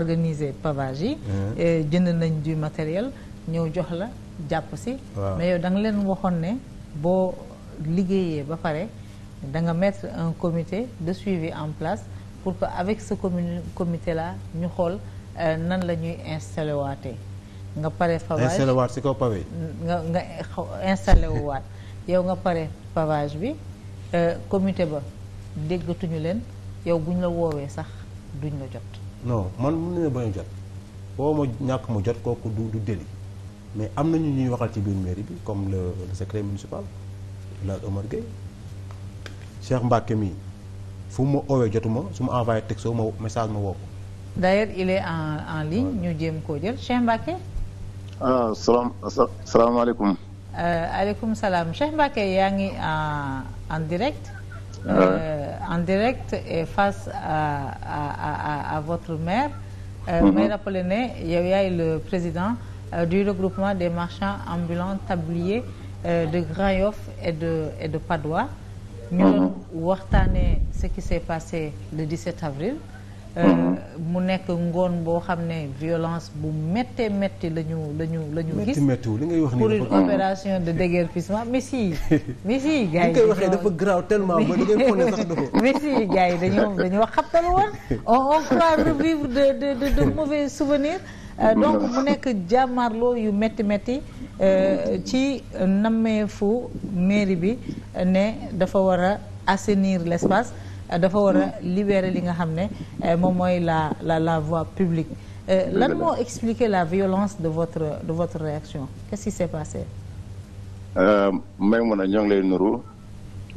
organiser mm-hmm. pavage yi. Eh, jënd nañ du matériel ñëw jox la jàpp si. mais yow da nga leen waxoon ne boo liggéeyee ba pare da nga mettre un comité de suivi en place pour que avec ce comité là ñu xool euh, nan la ñuy installé waatee. nga pare pavage si kaw nga nga installé wu yow nga pare pavage bi euh, comité ba déggatuñu leen yow buñ la woowee sax duñ la jot. non man mën nañu bañ jot boo ma ñàkk ma jot kooku du du mais am na ñu ñuy waxal ci biir mairie bi comme le le secrétaire municipal la Omar Gueye Cheikh Mbacke mii fu mu ma jotuma su ma envoyé texto ma message ma woo ko. d'ailleurs en en ligne ñu jéem koo jël Cheikh Mbacke. ah salaam salaamaaleykum. Euh, aleykum salaam Cheikh Mbacke yaa ngi en en direct. Euh, en direct et face à à à, ne yow yaay le président euh, du regroupement des marchands ambulants tabliers euh, de Grand Yoff et de et de Patte ñu doon mhm. waxtaanee ce qui s'est le 17 avril. Euh, mu nekk ngoon boo xam ne violence bu méttee métti la ñu la la ñu gis méttiwul li ngay wax nii pour une opération de déguerpissement mais si mais si gars yi koy waxee dafa grave tellement ba da ngay fone sax dafa mais si gars woon on revivre de de de de mauvais euh, donc mu nekk jàmmaarloo yu métti métti euh, ci nammeefu mairie bi ne dafa war a assainir l' espace dafa war a libérer li nga xam ne euh, moom mooy la la la voie publique euh, lan moo expliquer la violence de votre de votre réaction qu'est-ce qui s'est passé euh, may mun a ñoo ngi lay nuru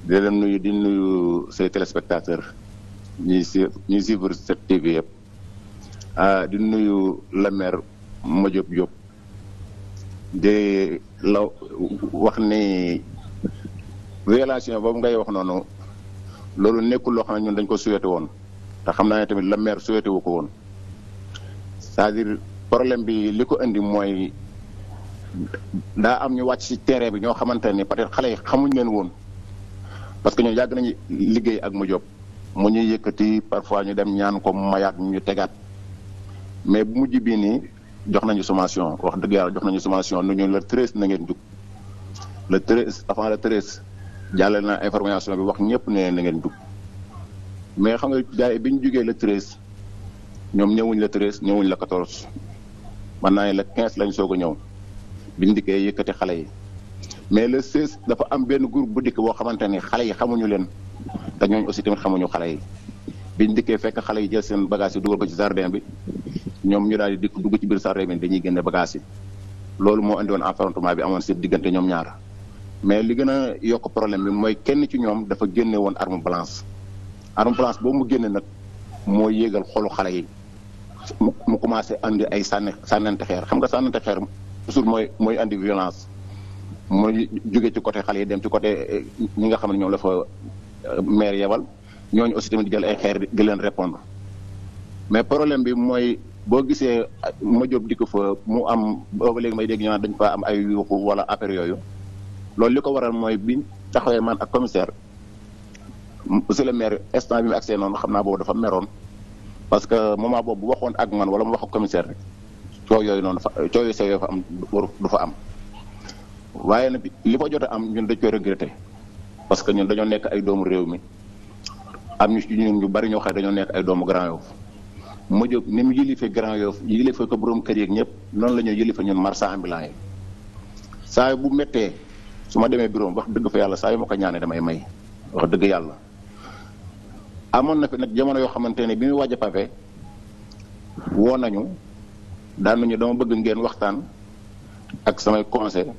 di nuyu di nuyu say téléspectateurs ñuy si ñuy suivre yëpp di nuyu la maire Madiop Diop di la wax ni violation boobu ngay wax noonu loolu nekkul loo xam ñun dañ ko souhaité woon te xam naa ne tamit la maire souhaité wu ko woon cest dire problème bi li ko indi mooy daa am ñu wàcc ci terrain bi ñoo xamante ni peut-être xale yi xamuñ leen woon parce que ñoo yàgg nañu liggéey ak mu job mu ñuy yëkkati parfois ñu dem ñaan ko mayaat ñu tegaat mais bu mujj bii nii jox nañu sommation wax dëgg yàlla jox nañu sommation nu ñu le treize na ngeen jug le treize avant le treize jàllale na information bi wax ñëpp ne na ngeen dugg mais xam nga jaay yi bi ñu jugee le treize ñoom ñëwuñ le treize ñëwuñ la quatorze man naa ne le quinze lañ soog a ñëw biñ dikkee yëkkati xale yi mais le seize dafa am benn groupe bu dikk boo xamante ni xale yi xamuñu leen te ñooñu aussi tamit xamuñu xale yi biñ dikkee fekk xale yi jël seen bagage yi dugal ko ci jardin bi ñoom ñu daal di dikk dugg ci biir jardin bi dañuy génne bagage yi loolu moo andi woon affrontement bi amoon seen diggante ñoom mais li gën a yokk problème bi mooy kenn ci ñoom dafa génne woon arme blanche arme blanche boobu mu génnee nag mooy yéegal xolu xale yi mu commencé andi ay sànni sànnante xeer xam nga te xeer toujours mooy mooy andi violence mooy jóge ci côté xale yi dem ci côté eh, ñi nga xam ne ñoom la fa eh, maire yebal ñooñu aussi tamit di ay xeer di leen répondre mais problème bi mooy boo gisee ma jóob di ko fa mu am boobu léegi may dégg ñu dañ fa am ay yuuxu wala affaire yooyu loolu li ko waral mooy biñ taxawee man ak commissaire monsieur le maire instant bi mu agsee noonu xam naa boobu dafa meroon parce que moment boobu bu waxoon ak man wala mu wax ak commissaire rek yooyu noonu fa coow yooyu yoo fa am waru du fa am waaye nag li ko jot am ñun dañ koy regretté parce que ñun dañoo nekk ay doomu réew mi am ñu ñun bari ñoo xam dañoo nekk ay doomu Grand Yoff mu jóg ni mu yëlifee Grand Yoff yëlifee ko borom kër yeeg ñëpp noonu la ñuy yëlifee ñun marchand ambulant yi saa bu méttee su ma demee bureau wax dëgg fa yàlla saa yu ma ko ñaanee damay may wax dëgg yàlla. amoon na fi nag jamono yoo xamante ne bi muy waaj a woo nañu daan nañu dama bëgg ngeen waxtaan ak samay conseil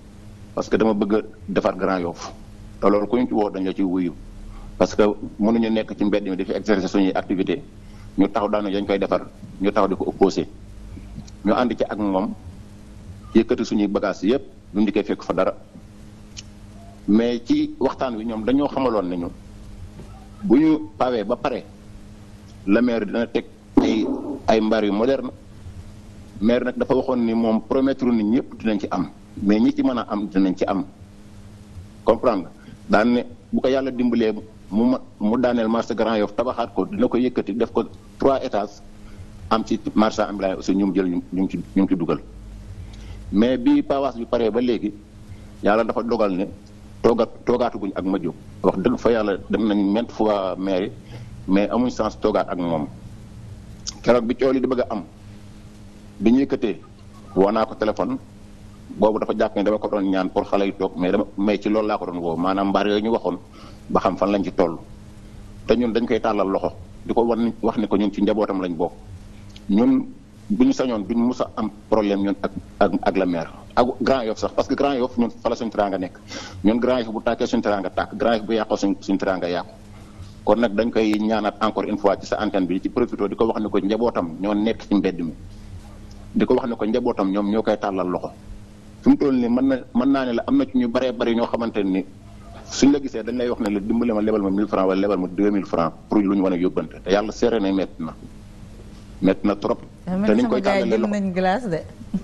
parce que dama bëgg a defar Grand Yoff te loolu ku ñu ci woo dañ la ci wuyu parce que mënuñu nekk ci mbedd mi di fi exercer suñuy activité ñu taxaw daan dañ koy defar ñu taxaw di ko opposé ñu ànd ci ak moom yëkkati suñuy bagages yëpp duñ di koy fekk fa dara. mais ci waxtaan wi ñoom dañoo xamaloon nañu bu ñu pawee ba pare la maire dina teg ay ay mbar yu moderne maire nag dafa waxoon ni moom promettre nit ñëpp dinañ ci am mais ñi ci mën a am dinañ ci am comprendre daan ne bu yàlla dimbalee mu ma mu daaneel marché Grand Yoff tabaxaat ko dina ko yëkkati def ko trois étages am ci marché ambulant aussi ñu jël ñu ñu ci ñu ci dugal mais bi pawaas bi paree ba léegi yàlla dafa dogal ne. toogaat toogaatuguñ ak ma jóg wax dëgg fa yàlla dem nañ maintes fois mairie mais amuñ sens toogaat ak moom keroog bi coow di bëgg a am bi ñuy këtee woo naa ko téléphone boobu dafa jàpp ne dama ko doon ñaan pour xale yi toog mais dama mais ci loolu laa doon woo maanaam mbaar yooyu ñu waxoon ba xam fan lañ ci toll te ñun dañ koy tàllal loxo di ko wan wax ne ko ñun ci njabootam lañ bokk ñun bu ñu sañoon duñ mus a am problème ñun ak ak ak la maire ak Grand Yoff sax parce que Grand Yoff ñun fa la suñu teranga nekk ñun Grand Yoff bu tàkkee suñu teranga tàkk Grand Yoff bu yàqoo suñ teranga yàqu kon nag dañ koy ñaanaat encore une fois ci sa antenne bi ci profité di ko wax ne ko njabootam ñoo ne ko njabootam ñoom ñoo koy tàllal loxo fi mu nii mën na mën naa ne am na ci ñu baree bari ñoo xamante ni suñ la gisee dañ lay wax ne la dimbale ma lebal ma 1000 francs wala lebal ma 2000 francs pour lu ñu wan a te yàlla seere na métti na métti na trop. Eh, te ni ñu koy tàmbalee loxo nañ glace de.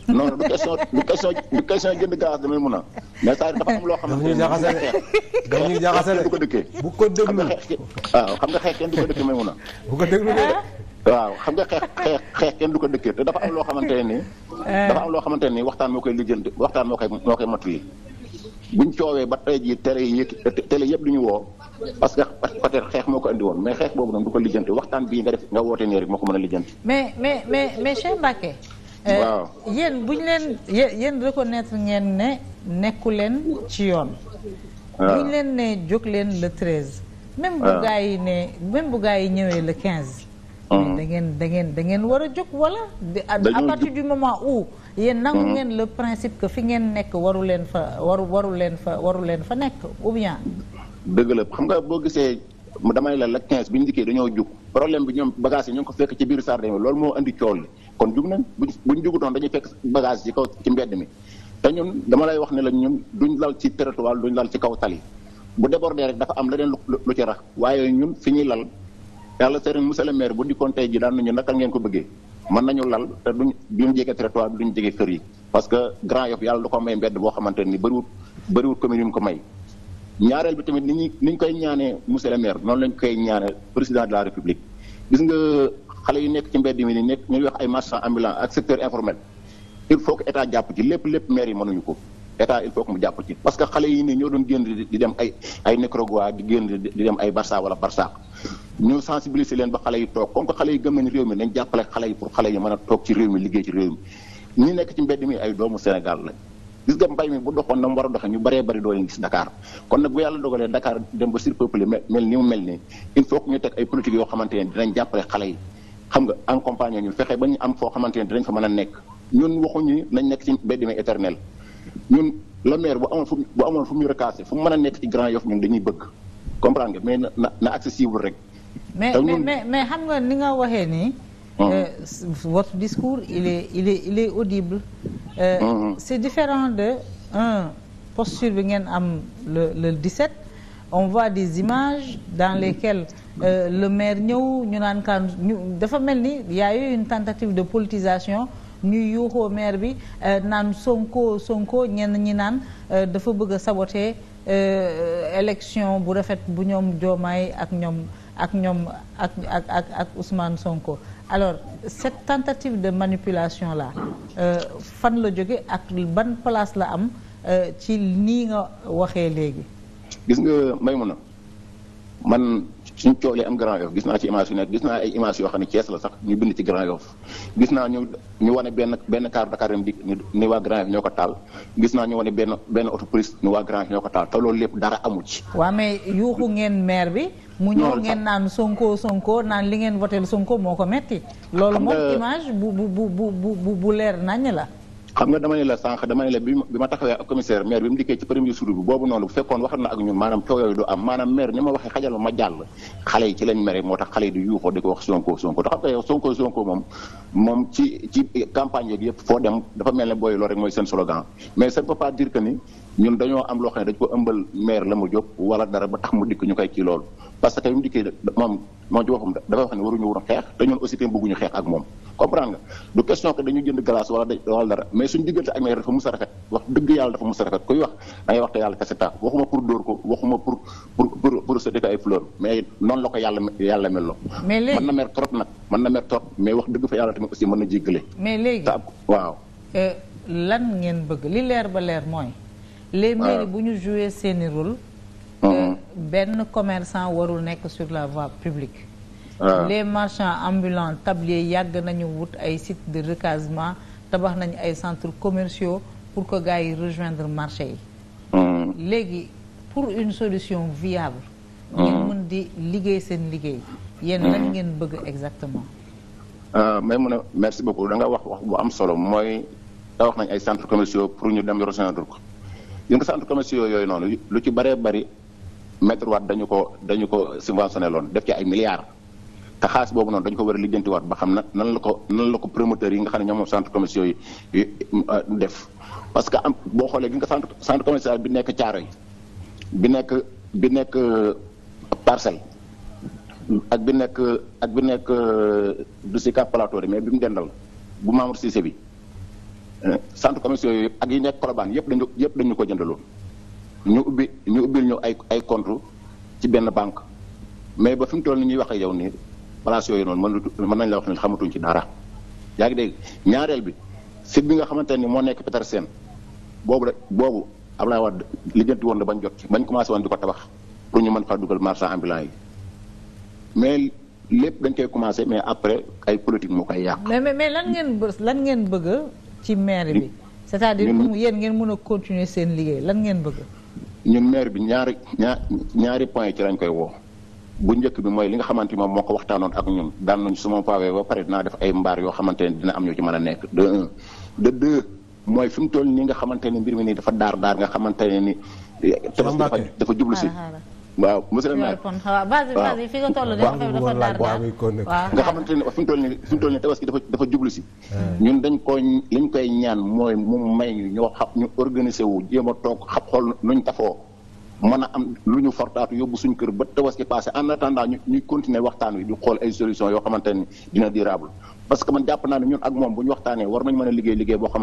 non non du question du question du question jënd glace mun a. mais saa dafa loo xam ne dafa am lu jaxase bu ko dëkkee. bu ko déglu xam nga xeex waaw xam nga xeex kenn du ko a. bu ko nga xeex xeex xeex kenn du ko dëkkee te dafa loo xamante ne nii. Eh. dafa am loo xamante ne nii waxtaan moo koy lijjanti waxtaan moo koy moo buñ coowee ba tey jii tere yi télé yëpp du ñu woo parce que peut-être xeex moo ko andi woon mais xeex boobu nag du ko lijjanti waxtaan bii nga def nga woote nii rek moo ko mën a lijjanti. mais mais mais mais Cheikh Mbacké. Euh, waaw yéen bu ñu leen yéen reconnaître ngeen ne nekku leen ci yoon. waaw bu ñu leen ne jóg leen le 13. même bu gaa yi ne même bu gaa yi ñëwee le 15. da ngeen da ngeen da ngeen war a jóg wala. à partir du moment où. yéen nag mhm. ngeen la principe que fi ngeen nekk waru leen fa waru waru leen fa waru leen fa nekk ou bien. dëgg la xam nga boo gisee damay la la 15 bi ñu dikkee dañoo jug problème bi ñoom bagage yi ñoo ko fekk ci biir Sardaigne loolu moo indi coow li kon jug nañ buñ buñ jugutoon dañuy fekk bagage ci kaw ci mbedd mi. te ñun dama lay wax ne la ñun duñ lal ci territoire duñ lal ci kaw tali bu débordé rek dafa am leneen lu ci rax waaye ñun fi ñuy lal yàlla sëriñ monsieur le maire bu dikkoon tey ji daan nañu ngeen ko bëggee. mën nañu lal te duñ duñ jege territoire bi duñ jege kër yi parce que Grand Yoff yàlla du ko may mbedd boo xamante ni bëriwut bëriwut commune yu mu ko may ñaareel bi tamit ni ñuy ni ñu koy ñaanee monsieur le maire noonu lañ koy ñaanee président de la république gis nga xale yi nekk ci mbedd mi ni nekk ñuy wax ay marchands ambulants ak secteur informel il faut que état jàpp ci lépp lépp maire yi mënuñu ko état il faut que mu jàpp ci parce que xale yi nii ñoo doon génn di dem ay ay Nicaragua di di dem ay Barça wala Barça ñu sensibiliser leen ba xale yi toog comme que xale yi gëm nañ réew mi nañ jàppale xale yi pour xale yi mën a toog ci réew mi liggéey ci réew mi ñi nekk ci mbedd mi ay doomu Sénégal la gis nga mbay mi bu doxoon na mu war a ñu bëree bëri doo leen gis Dakar kon nag bu yàlla dogalee Dakar dem mel ni mu mel nii il faut teg ay politique yoo xamante ne dinañ jàppale xale yi xam nga accompagner ñu fexe ba ñu am foo xamante ne dinañ fa mën a nekk ñun waxuñu nañ nekk ci mbedd mi éternel ñun le maire bu amoon fu bu fu ñu recasé fu mu mën a nekk ci Grand Yoff ñun dañuy bëgg comprendre nga mais na na accessible rek mais mais mais xam nga ni nga waxee nii. Ah. Eh, votre discours il est il est il est audible. Eh, ah. c'est différent de posture bi ngeen am le le 17 on voit des images dans lesquelles euh, le maire ñëw ñu naan kaan dafa mel ni y a une tentative de politisation. ñuy yuuxoo maire bi eh, naan Sonko Sonko ñenn ñi naan dafa bëgg a saboter élection bu rafet bu ñoom Diomaye ak ñoom ak ñoom ak ak ak ak Ousmane Sonko alors cette tentative de manipulation là euh, fan la jóge ak ban place la am euh, ci nii nga waxee léegi. gis nga a man suñ coolee am Grand Yoff gis naa ci image yu gis naa ay image yoo xam ne Thiès la sax ñu bind ci Grand Yoff gis naa ñu ñu wane benn benn car Dakar dem di ni waa Grand Yoff ñoo ko taal gis naa ñu wane benn benn auto police ni waa Grand Yoff ñoo ko taal te loolu lépp dara amu ci. waaw mais yuuxu ngeen maire bi. mu ñëw ngeen naan Sonko Sonko naan li ngeen votel Sonko moo ko metti loolu moom bu bu bu bu bu la xam nga dama ne la ma taxawee ak commissaire maire bi mu dikkee ci premier jour bi boobu noonu bu fekkoon wax na ak ñun maanaam moo tax xale yi di di ko wax moom moom ci ci campagne yëpp foo dem dafa mel ne booy loolu rek mooy seen slogan mais ça ne pas dire que ni ñun dañoo am loo xam ne dañ ko ëmbal maire la ma jóg wala dara ba tax mu dikk ñu koy kii loolu parce que mu dikkee moom moom ci boppam dafa wax ne waruñu woon xeex te ñun aussi tamit bëgguñu xeex ak moom comprendre nga du question que dañu jënd glace wala dara mais suñu diggante ak maire dafa mus a rafet wax dëgg yàlla dafa mus a rafet kuy wax da ngay yàlla kese mais noonu la na mer trop nag mën na mer trop mais wax dëgg fa yàlla tamit aussi mën les mairies bu ñu jouer seeni rôle mm-hmm. benn commerçant warul nekk sur la voie publique les marchands ambulants tablier yàgg nañu wut ay sites de recasement tabax nañu ay centre commerciaux pour que gars yi rejoindre marché yi mm-hmm. léegi pour une solution viable ñu mën mm-hmm. di liggéey seen liggéey yéen lan ngeen bëgg exactement euh, may mun a merci beaucoup da nga wax wax bu am solo mooy da wax nañ ay centres commerciaux pour ñu dem rejoindre ko gis nga centre commerciaux yooyu noonu lu ci baree bëri Maître dañu ko dañu ko subventionné loon def ci ay milliards te xaalis boobu noonu dañu ko war a lijjantiwaat ba xam na nan la ko nan la ko promoteurs yi nga xam ne ñoom moom centre commerciaux yi def parce que am boo xoolee gis nga centre centre commercial bi nekk Thiaroye bi nekk bi nekk euh, Parcelles ak bi nekk ak bi nekk euh, du si Cap mais bi mu dendal bu Mamour Cissé bi centre commerciaux yooyu yëpp ak yi nekk Colobane yëpp dañu yëpp dañu ko jëndaloon ñu ubbi ñu ubbil ñu ay ay compte ci benn banque mais ba fi mu toll ni ñuy wax ak yow nii place yooyu noonu mën mën nañ la wax ne xamatuñ ci dara yaa ngi dégg ñaareel bi site bi nga xamante ni moo nekk Petersen boobu rek boobu Abdoulaye Wade lijjanti woon na bañ jot ci bañ commencé woon di ko tabax pour ñu mën faa dugal marchand ambulant yi mais lépp dañ koy commencé mais après ay politique moo lan ngeen bës lan ci maire bi c'est-à-dire mu yéen ngeen mën a continuer seen liggéey lan ngeen bëgg ñun maire bi ñaari ñaar ñaari point ci lañ koy woo bu njëkk bi mooy li nga xamante moom moo ko waxtaanoon ak ñun daan nañ su ma paawee ba pare dinaa def ay mbaar yoo xamante ne dina am ñu ci mën a nekk de un mooy fi mu toll nii nga xamante ne mbir mi nii dafa daar daar nga xamante ne ni tabaski dafa jublu si ah, ah, ah. waaw monsieur le maire waaw base bi base bi fi nga toll de affaire dafa dar nga xamante ne fi mu toll nii fi mu toll nii tabaski dafa dafa jublu si. Eh. ñun dañ ko liñ koy ñaan mooy mu may ñu ñoo xam ñu organiser wu jéem a toog xam xool nuñ tafoo. mën a am lu ñu fortaatu yóbbu suñu kër ba tabaski passé en attendant ñu ñuy continuer waxtaan wi di xool ay solution yoo xamante ni dina durable parce que man jàpp naa ne ñun ak moom bu ñu waxtaanee war nañu mën a liggéey liggéey boo a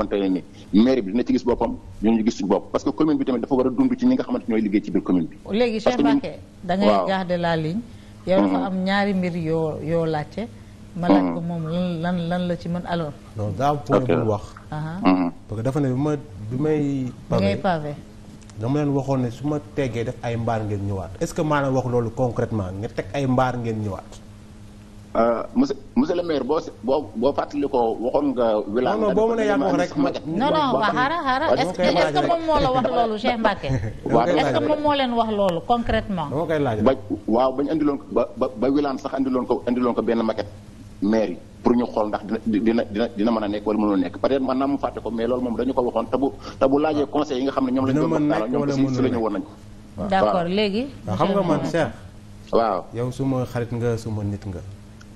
dund ci ñi nga xamante ñooy liggéey ci biir commune bi. Oh, léegi la mhm. ma laaj ko mhm. moom lan la ci mën alors. non daa am point bu wax. Mhm. parce que dafa ne bi may bi may pavé dama leen waxoon ne su ma teggee def ay mbaar ngeen ñëwaat est-ce que wax loolu concrètement nga teg ay mbaar ngeen ñëwaat. Euh, monsieur monsieur le maire boo boo boo fàttali ko waxoon nga. wilaan non non boo mënee yaa wax rek. non non waa xaaral xaaral est-ce que est wax loolu Cheikh Mbacké. est dama koy laaj ba waaw ba ñu andiloon ko ba ba wilaan sax indiloon ko indiloon ko benn maquette maire yi. pour ñu xool ndax dina dina dina mën a nekk wala mënul nekk peut être man naa mu fàtte ko mais loolu moom dañu ko waxoon te bu te bu laajee ah. conseil yi nga xam ne ñoom lañ doon waxtaan ñoom aussi si la léegi ah, xam nga man Cheikh waaw yow suma xarit nga suma nit nga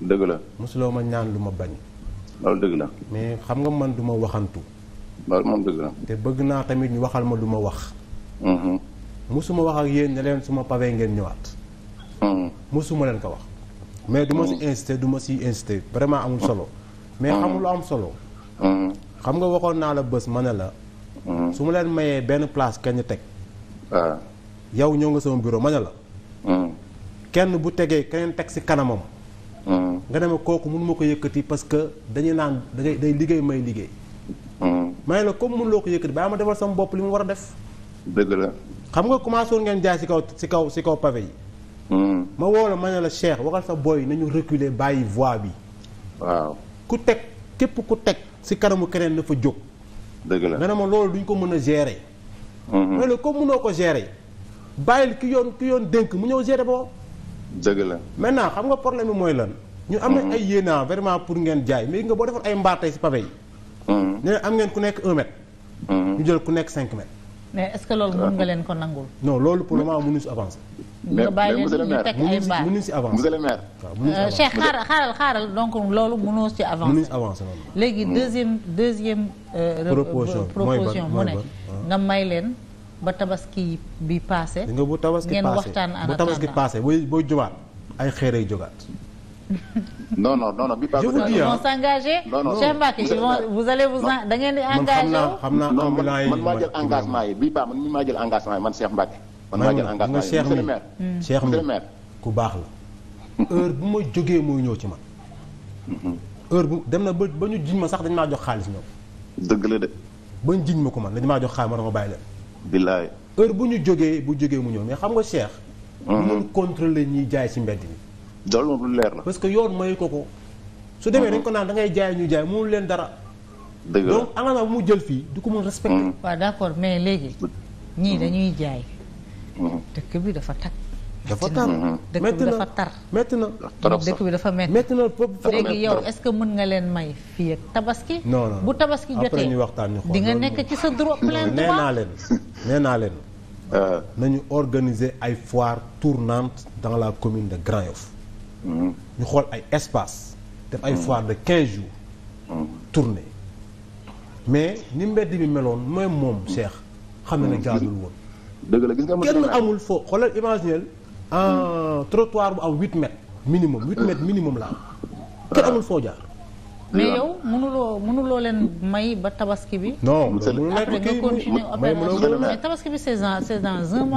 dëgg la mosuloo ma ñaan lu ma bañ loolu dëgg la mais xam nga man du ma waxantu loolu te bëgg naa tamit ñu waxal ma lu ma wax musuma mm-hmm. wax ak yéen ne leen suma pavé ngeen ñëwaat musuma mm-hmm. leen ko wax mais du ma si oh. insisté du ma si insisté vraiment amul solo. mais ah. xamul lu am solo. Hmm. xam nga waxoon naa la bés ma ne la. Hmm. su ma leen mayee benn place kenn teg. waaw ah. yow ñëw nga sama bureau ma ne la. Hmm. kenn bu tegee keneen teg si kanamam. nga ne ma kooku mun ma ko yëkkati parce que dañuy naan day day liggéey may liggéey. may la comme mun loo ko yëkkati baa ma defal sama bopp li mu war a def. dëgg la. xam nga commencé woon ngeen jaay si kaw si kaw si kaw pavé yi. Mm. ma woo ma ne la Cheikh waxal sa boy nañu reculer bàyyi voie bi. waaw ku teg képp ku teg si kanamu keneen na fa jóg. dëgg la nga ne ma loolu duñ ko mën a gérer. Mm-hmm. mais nag comme mënoo ko gérer bàyyil ki yoon ki yoon dénk mu ñëw gérer boo. la maintenant xam nga problème bi mooy lan. ñu am nañ mm-hmm. ay yéenaa vraiment pour ngeen jaay mais nga boo defoon ay mbaar tey si pavé yi. ñu mm-hmm. ne am ngeen ku nekk un mètre. ñu jël ku nekk cinq mètres. mais est-ce que loolu mën nga leen ko nangul. no loolu pour le moment mënuñu si avancer. si avancer monsieur le maire. waaw euh, Cheikh xaaral xaaral xaaral donc loolu mënoo si avancer. mënuñu si avancer léegi deuxième deuxième. Euh, proposition proposition mu ne nga may leen ba tabaski bi paase. nga bu tabaski paase ngeen waxtaan en attendant bu tabaski paase booy booy jógaat ay xeer ay jógaat. non non non non bi Pape Abdoulaye. je vous dis ah s'engager. non non Cheikh Mbacke vous allez vous en da ngeen di. engagé wu xam naa xam naa man maa bu ma jógee mooy ñëw ci man. Mm-hmm. bu dem na ba ba ñu ma sax dañ maa jox xaalis ñoom. dëgg la ba ñu ma ko man dañ maa jox xaalis ma dama bàyyi leen. bu ñu jógee bu jógee mu ñëw mais xam nga Cheikh. mënul mm-hmm. contrôler ñuy jaay ci mbedd mi loolu leer la. parce que yoon mayu ko ko. su demee dañ ko naan da ngay jaay ñuy jaay mënul leen dara. dëgg la bu mu jël fii du ko mën respecté. Mm. waaw d' accord mais léegi. ñii mm-hmm. dañuy jaay. Mm-hmm. dëkk bi dafa takk. Mm-hmm. dafa tar dëkk bi dafa tar. métti na dëkk bi dafa métti. métti na léegi yow est-ce que mën nga leen may fii ak tabaski. non non bu tabaski jotee di nga nekk ci sa droit plein droit. naa leen nee naa leen. Euh. nañu organiser ay foire tournante dans la commune de Grand Yoff. ñu xool ay espace def ay foire de quinze jours tournée mais ni mbedd bi meloon mooy moom Cheikh xam na ne jaadul woon dëgg la gis nga kenn amul foo xoolal imaginel en trottoir bu am huit mètres minimum huit mètres minimum la kenn amul foo jaar mais yow mënuloo mënuloo leen may ba tabaski bi. non mënuloo nekk kii may mënuloo mais tabaski bi c'est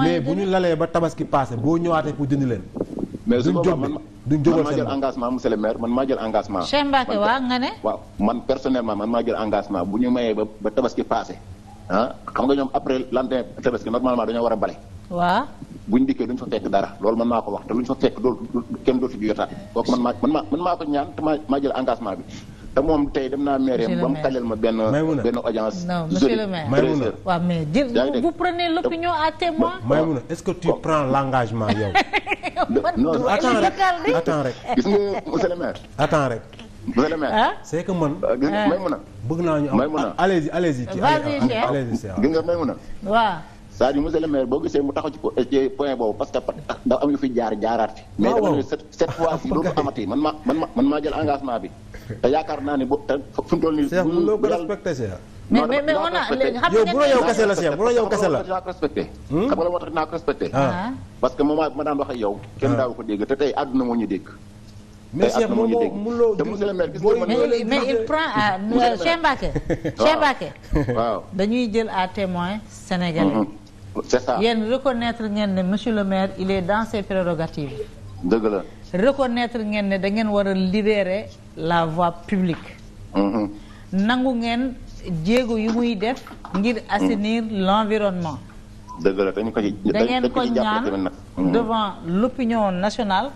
mais bu ñu lalee ba tabaski passé boo ñëwaatee pour dindi leen. mais su boobaa man duñ jógal seen man maa jël engagement monsieur le maire man maa jël engagement. Cheikh Mbacké waaw nga ne. engagement bu ñu mayee ba ba tabaski passé ah xam nga ñoom après lendemain tabaski normalement dañoo war a bale. waaw. buñ dikkee duñ fa fekk dara loolu mën naa ko wax te luñ fa fekk dool kenn dootu fi yotaat kooku man maa man maa man maa ko ñaan te maa jël engagement bi. te moom tey dem naa maire ba mu xaleel ma benn benn audience. non monsieur le maire Maïmouna waaw mais vous prenez l'opinion à témoin. Maïmouna est-ce que tu prends l'engagement non attends rek attends rek. gis nga monsieur le maire. attends rek. monsieur le maire. Ah? c'est que man. Ah. may mun a. bëgg naa ñu am ah, allez-y allez-y ci allez-y. gis nga may mun a. waaw. saa à dire monsieur le maire boo gisee mu taxaw ci point boobu parce que dafa am yu fi jaar jaaraat ah mais dama ne ma man maa jël engagement bi te yaakaar naa ni bo te fu mu toll nii loo ko a léegi xam nga bu la yow kese la Cheikh bu la yow kese la naa ma daan wax ak yow kenn ah. ko dégg te tey àdduna moo ñu dégg c'est ça yéen ngeen ne monsieur le maire il est dans ses dëgg la. reconnaître ngeen ne da ngeen war a libérer la voie publique. Mm-hmm. nangu ngeen jéego yu muy def. ngir assainir mm-hmm. l'environnement. dëgg ko da ngeen ko ñaan mm-hmm. devant l'opinion nationale.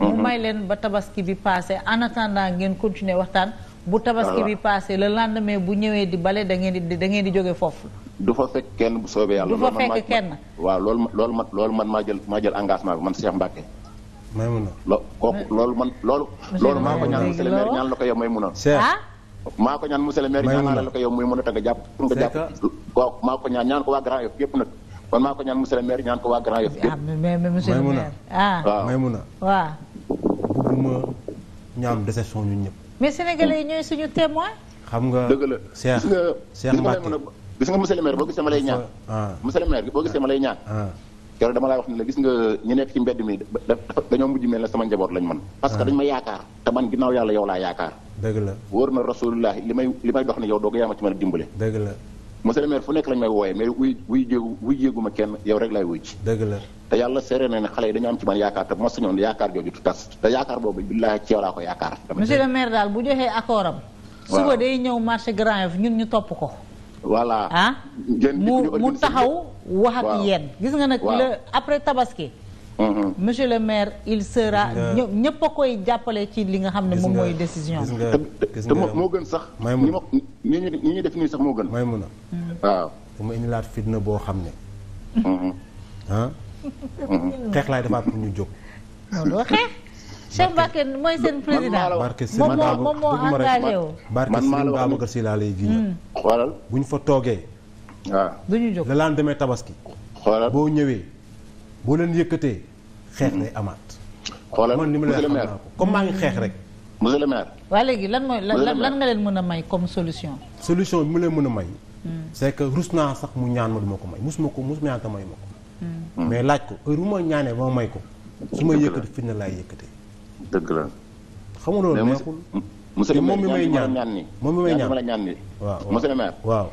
mu may leen ba tabaski bi passé en attendant ngeen continuer waxtaan. bu tabaski bi passé le lendemain bu ñëwee di bale da ngeen di da ngeen di jóge foofu. du fa fekk kenn bu soobee yàlla. du fa fekk kenn waaw loolu ma loolu man loolu man maa jël maa jël engagement bi man Cheikh Mbacke. Maymuna lo kooku loolu man loolu. loolu ma ah? ko ñaan monsieur le maire ñaan la ko yow Maymuna. Cheikh la ko yow Maymuna te nga jàpp pour nga jàpp. waaw yëpp kon maa ko ñaan monsieur le maire ñaan ko waa Grand Yoff yëpp. Ah, mais mais monsieur ah. ñu ñëpp. mais sénégalais ñooy suñu témoin. xam nga. dëgg la Cheikh Cheikh gis nga monsieur le boo gisee ma lay ñaan. Ah. Ah. monsieur le boo gisee ma lay ñaan. Ah. keroog dama laa wax ne la gis nga ñu nekk ci mbedd mi dañoo mujj mel ne sama njaboot lañ man parce dañ ma yaakaar te man ginnaaw ma a dimbale. dëgg la monsieur le maire fu yaakaar te ma sañoon yaakaar jooju tas te yaakaar boobu billaahi ci yaakaar. monsieur le daal bu joxee accordam. suba day ñëw marché Grand Yoff ñun ñu topp ko voilà ah mu mu taxaw wax ak yéen gis nga nag le après tabaski mm-hmm. monsieur le maire il sera ñëpp a koy jàppale ci li nga xam ne moom mooy décision te moo gën sax may mun def nii sax moo gën may mun a waaw dama indilaat fitna boo xam ne mm-hmm. ah mm-hmm. xeex laay defaat ñu jóg Cheikh Mbacké mooy seen président moom moo moom moo engagé woo. barke Serigne Babacar hmm. bu ñu fa toogee. waaw ah. du ñu tabaski. xoolal boo ñëwee boo leen yëkkatee xeex day hmm. amaat. man ni ma lay xam comme maa xeex rek. Hmm. monsieur le maire. lan mooy lan lan nga leen may comme solution. solution bi mu leen mën a may. c'est que rus naa sax mu ñaan ko may mus ko mus ma may ma ko. mais laaj ko heure bu ma ñaanee ba ma may ko su ma yëkkati fitna laay yëkkatee. dëgg la. xamul loolu neexul monsieur le maire moom mi may ñaan ni moom mi may ñaan la ñaan waaw monsieur le waaw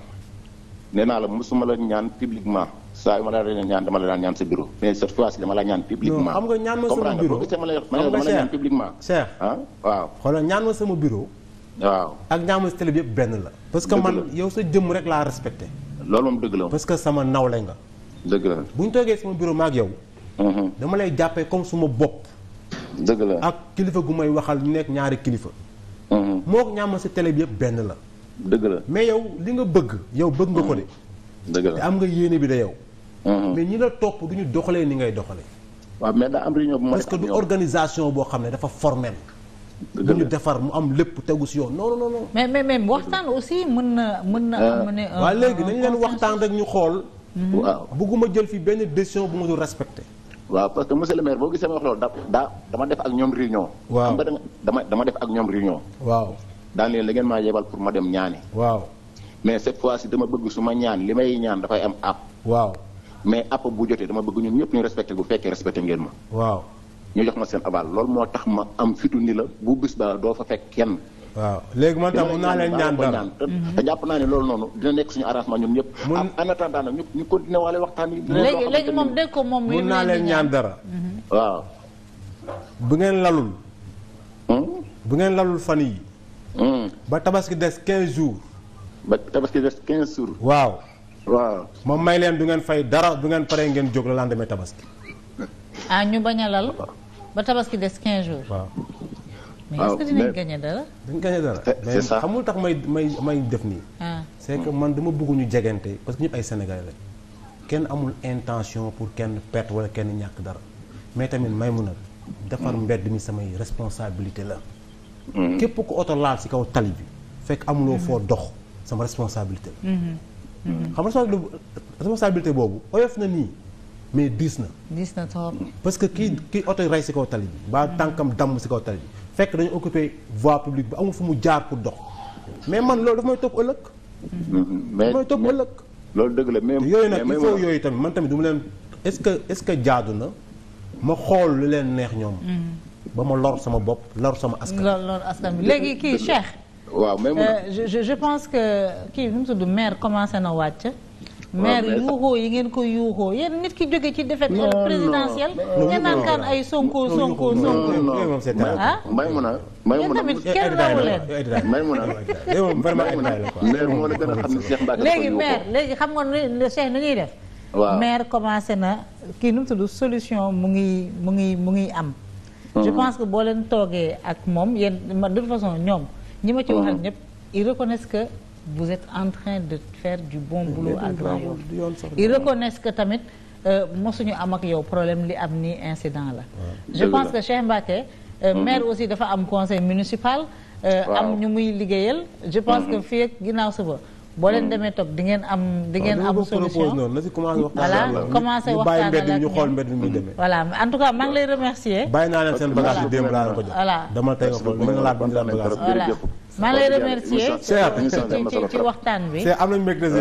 nee naa la mosuma la ñaan publiquement saa yu ma la daan ñaan dama la daan ñaan sa bureau mais cette fois ñaan publiquement xam ñaan ma sama bureau la ñaan publiquement Cheikh ah, waaw xoolal ñaan ma sama bureau waaw ak ñaan ma sa télé bi yëpp benn la parce que man yow sa jëmm rek laa respecté loolu moom dëgg la parce que sama nawle nga dëgg la bu ñu toogee sama bureau ma ak yow mm-hmm. dama lay jàppee comme suma bopp dëgg la ak kilifa gu may waxal ñu nekk ñaari kilifa. Mm-hmm. moo ko si tele bi yëpp benn la. dëgg la mais yow li nga bëgg yow bëgg nga ko de. Mm-hmm. dëgg te am nga yéene bi de yow. Mm-hmm. mais ñi la topp du ñu doxalee ni ngay doxalee. waaw mais daa am réunion bu parce que du organisation boo xam ne dafa formel. bu ñu defar mu am lépp tegu si yoon non non non. mais mais waxtaan aussi mën na mën na ah. am ne. waaw léegi nañu leen waxtaan rek ñu xool. bëgguma jël fi benn décision bu ma dul respecté. waaw parce que monsieur le maire boo gisee ma wax loolu da daa dama def ak ñoom réunion. waaw xam nga dama dama def ak ñoom réunion. waaw daan leen da ngeen maa yebal pour ma dem ñaani. waaw mais cette fois ci dama bëgg su ma ñaan li may ñaan dafay am app. waaw mais app bu jotee dama bëgg ñun ñëpp ñu respecté bu fekkee respecté ngeen ma. waaw ñu jox ma seen aval lool moo tax ma am fitu nii la bu bis ba doo fa fekk kenn. waaw léegi man tam mun naa leen ñaan dara jàpp naa ne loolu noonu nekk suñu arrangement ñun ñëpp. Ah, en attendant nag ñu ñu continuer waale waxtaan yi. léegi ko moom. mun ñaan dara. Mm-hmm. bu ngeen lalul. Hmm? bu ngeen lalul fan yi hmm. ba tabaski des 15 jours. ba tabaski des 15 jours. waaw. moom may leen du ngeen fay dara du ngeen pare ngeen jóg la lendemain tabaski. ah ñu bañ lal ba tabaski des 15 jours. waaw. waaw mais est-ce ah, que dinañ gagné dara. dañ gagné dara eh, mais xamul tax may may may def nii. Ah. c'est que man dama bëgg ñu jegante parce que ñëpp ay Sénégalais lañ kenn amul intention pour kenn perte wala kenn ñàkk dara mais tamit may mun a defar mbedd mi samay responsabilité la. Mm-hmm. képp ku oto laal ci kaw tali bi fekk amuloo foo mm-hmm. dox sama responsabilité la. Mm-hmm. xam nga responsabilité boobu oyof na nii mais diis na. diis na trop parce que kii kii oto rey ci kaw tali bi. ba tànkam damm ci kaw tali bi. fekk dañu occupé voie publique bi amul fu mu jaar pour dox mais man loolu dafa may topp ëllëg. Mm-hmm. mais may topp ëllëg. loolu dëgg la yooyu nag il faut yooyu tamit man tamit du ma leen est-ce que est-ce que jaadu na ma xool lu leen neex ñoom. Mm-hmm. ba ma lor sama bopp lor sama askan. lor lor askan bi léegi kii Cheikh. waaw même euh, je je pense que kii nu mu tudd maire commencé na wàcc. maire yuuxoo yi ngeen ko yuuxoo yéen nit ki jóge ci défaite présidentielle ngeen naan kaan ay sonko sonko sonko ah may mun a may mun a tamit a maire moo la gën a xam ne Cheikh léegi maire léegi xam nga ne Cheikh nu ñuy def waaw maire commencé na kii nu mu solution mu ngi mu ngi mu ngi am je mm-hmm. pense que boo leen toogee ak moom yéen de toute façon ñoom ñi ma ci waxal mm-hmm. ñëpp ils reconnaissent que vous êtes en train de faire du bon boulot ak Grand Yoff ils reconnaissent que tamit euh, mosuñu am ak yow problème li am ni incident la je pense que Cheikh Mbacké euh, mhm. maire aussi dafa am conseil municipal euh, am ñu muy liggéeyal je pense que mhm. fii ak ginnaaw suba boo leen mhm. demee toog di am di am solution noonu na waxtaan voilà commencé waxtaan ñu xool mbedd mi demee voilà en tout cas maa ngi lay remercier bàyyi naa leen seen bagage yi démb laa la ko jox voilà dama tey nga xool li nga laaj maa ngi lay remercier ci waxtaan bi